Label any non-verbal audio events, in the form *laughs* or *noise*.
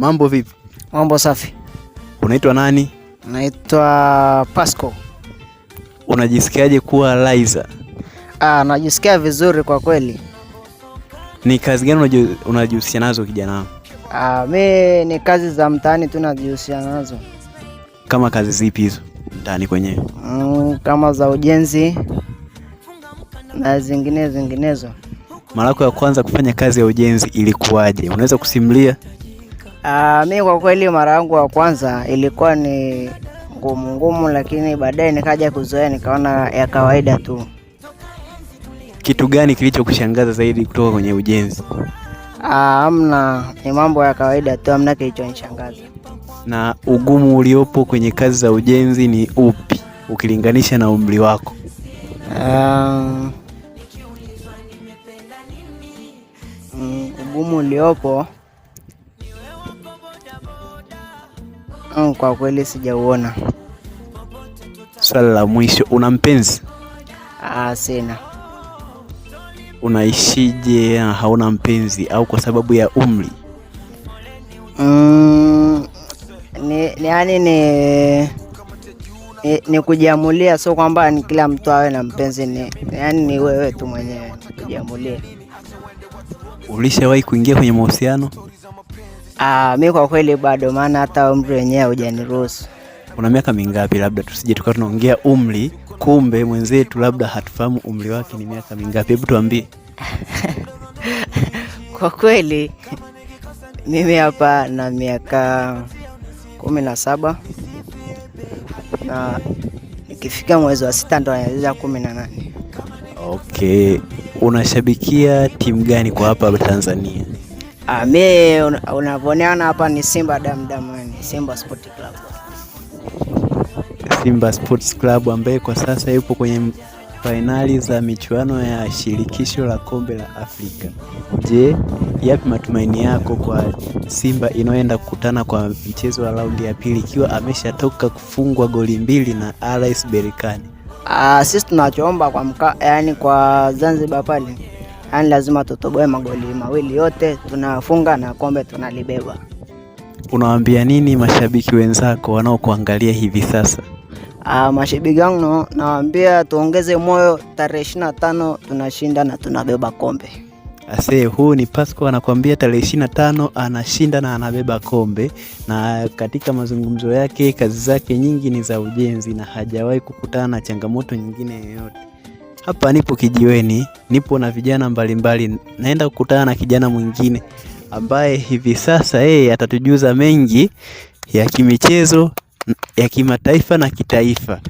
Mambo vipi? Mambo safi. Unaitwa nani? Naitwa Pasco. Unajisikiaje kuwa Liza? Ah, najisikia vizuri kwa kweli. Ni kazi gani unajihusisha nazo kijana wangu? Ah, mi ni kazi za mtaani tu najihusisha nazo. Kama kazi zipi hizo mtaani kwenyewe? Mm, kama za ujenzi na zingine zinginezo. Mara yako ya kwanza kufanya kazi ya ujenzi ilikuwaje? Unaweza kusimulia? Uh, mi kwa kweli mara yangu ya kwanza ilikuwa ni ngumu ngumu, lakini baadaye nikaja kuzoea nikaona ya kawaida tu. Kitu gani kilichokushangaza zaidi kutoka kwenye ujenzi? Ah, hamna, ni mambo ya kawaida tu, hamna kilichonishangaza. Na ugumu uliopo kwenye kazi za ujenzi ni upi ukilinganisha na umri wako? Um, ugumu uliopo Kwa kweli sijauona. swala la mwisho, una mpenzi? Ah, sina. Unaishije hauna mpenzi au kwa sababu ya umri? Mm, ni, ni, yani ni, ni, ni kujiamulia, sio kwamba ni kila mtu awe na mpenzi, ni yani ni wewe tu mwenyewe kujiamulia. Ulishawahi kuingia kwenye mahusiano? Ah, mi kwa kweli bado, maana hata umri wenyewe hujaniruhusu. Una miaka mingapi? Labda tusije tukawa tunaongea umri, kumbe mwenzetu labda hatufahamu umri wake ni miaka mingapi. Hebu tuambie. *laughs* Kwa kweli mimi hapa na miaka kumi na saba na nikifika mwezi wa sita ndo naweza kumi na nane. Okay, unashabikia timu gani kwa hapa Tanzania? Ah, Mi unavyoneana hapa ni Simba damdamani, Simba Sport Club. Simba Sports Club ambaye kwa sasa yupo kwenye fainali za michuano ya shirikisho la kombe la Afrika. Je, yapi matumaini yako kwa Simba inayoenda kukutana kwa mchezo wa raundi ya pili ikiwa ameshatoka kufungwa goli mbili na RS Berkane? Ah, sisi tunachoomba kwa mka, yani kwa Zanzibar pale yaani lazima tutoboe magoli mawili yote tunafunga na kombe tunalibeba. Unawaambia nini mashabiki wenzako wanaokuangalia hivi sasa? Ah, mashabiki wangu nawaambia tuongeze moyo, tarehe ishirini tano tunashinda na tunabeba kombe. Ase, huu ni Pasco anakuambia tarehe ishirini tano anashinda na anabeba kombe. Na katika mazungumzo yake, kazi zake nyingi ni za ujenzi na hajawahi kukutana na changamoto nyingine yoyote. Hapa nipo kijiweni, nipo na vijana mbalimbali. Naenda kukutana na kijana mwingine ambaye hivi sasa yeye atatujuza mengi ya kimichezo ya kimataifa na kitaifa.